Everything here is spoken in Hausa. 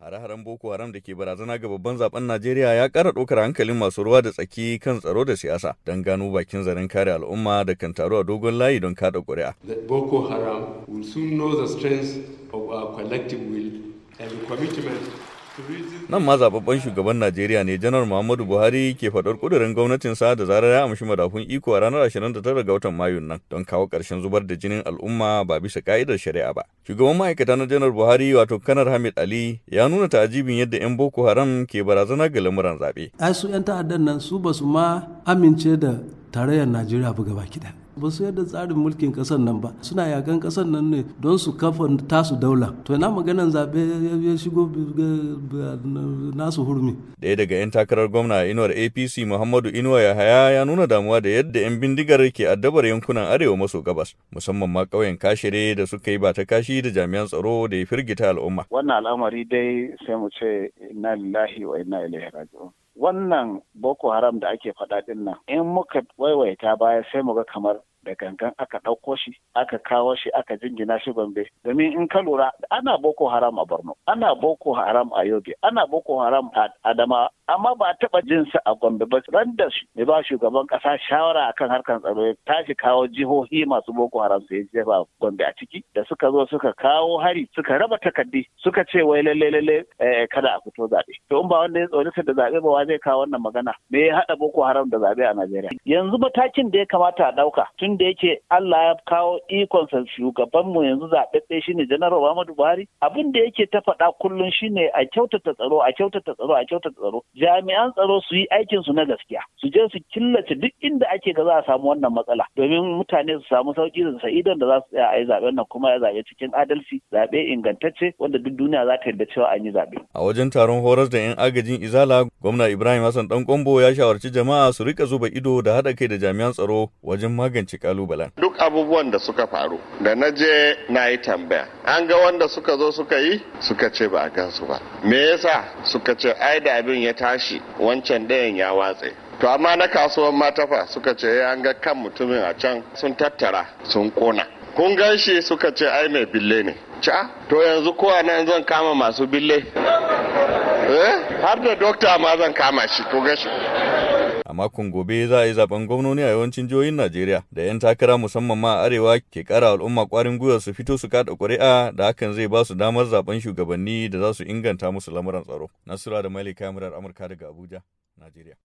Hare-haren Boko Haram da ke barazana ga babban zaben Najeriya ya kara ɗaukar hankalin masu ruwa da tsaki kan tsaro da siyasa don gano bakin zarin kare al'umma da kan taru a dogon layi don kada ƙuri'a. Boko Haram will soon know the strength of our collective will and the commitment Nan ma zababban shugaban Najeriya ne Janar Muhammadu Buhari ke faɗar ƙudurin gwamnatinsa da zarar ya amshi madafun iko a ranar 29 ga watan mayu nan don kawo ƙarshen zubar da jinin al'umma ba bisa ka'idar shari'a ba. Shugaban ma'aikata na Janar Buhari wato Kanar Hamid Ali ya nuna ta'ajibin yadda 'yan Boko Haram ke barazana ga lamuran zaɓe. Ai su 'yan ta'addan nan su ba su ma amince da tarayyar Najeriya buga baki ɗaya. ba su yadda tsarin mulkin kasar nan ba suna yakan kasar nan ne don su kafa tasu daula to ina maganan zaɓe ya shigo nasu hurmi ɗaya daga 'yan takarar gwamna a inuwar apc muhammadu inuwa yahaya ya nuna damuwa da yadda 'yan bindigar ke addabar yankunan arewa maso gabas musamman ma ƙauyen kashire da suka yi ba ta kashi da jami'an tsaro da ya firgita al'umma wannan al'amari dai sai mu ce inna lillahi wa inna ilaihi raji'un wannan boko haram da ake faɗa din nan in muka waiwaita baya sai mu ga kamar da gangan aka ɗauko shi aka kawo shi aka jingina shi bambe domin in ka lura ana boko haram a borno ana boko haram a yobe ana boko haram a adama amma ba taɓa jin sa a Gombe ba ran da mai ba shugaban ƙasa shawara a kan harkar tsaro ya tashi kawo jihohi masu Boko Haram su ya jefa Gombe a ciki da suka zo suka kawo hari suka raba takardi suka ce wai lalle lalle eh, kada a fito zaɓe to in ba wanda ya tsorata da zaɓe ba wa zai kawo wannan magana me ya haɗa Boko Haram da zaɓe a Najeriya yanzu matakin da ya kamata a ɗauka tun da yake Allah ya kawo ikonsa shugabanmu yanzu zaɓe-ɗɗe. zaɓaɓɓe shine Janar Muhammadu Buhari abin da yake ta faɗa kullum shine a kyautata tsaro a kyautata tsaro a kyautata tsaro jami'an tsaro su yi aikin su na gaskiya su je su killace duk inda ake ga za a samu wannan matsala domin mutane su samu sauki da sa'idan da za su tsaya a yi zaben nan kuma ya zabe cikin adalci zabe ingantacce wanda duk duniya za ta yarda cewa an yi zabe a wajen taron horas da yan agajin izala gwamna Ibrahim Hassan dan Kombo ya shawarci jama'a su rika zuba ido da haɗa kai da jami'an tsaro wajen magance kalubalen duk abubuwan da suka faru da na je na yi tambaya an ga wanda suka zo suka yi suka ce ba a gansu ba me yasa suka ce ai da abin ya tashi wancan ɗayan ya watse to amma na kasuwan matafa suka ce eh, an ga kan mutumin a can sun tattara sun kona kun gan shi suka ce ai mai bille ne ci ah, to yanzu kowa nan zan kama masu bille eh, har da dokta ma zan kama shi ko gashi A makon gobe za a yi zaben gwamnoni a yawancin jihohin Najeriya da 'yan takara musamman ma a arewa ke kara al'umma kwarin gwiwa su fito su kada ƙuri'a da hakan zai ba su damar zaben shugabanni da za su inganta musu lamuran tsaro. Nasura da mali Yamurar Amurka daga Abuja, Najeriya.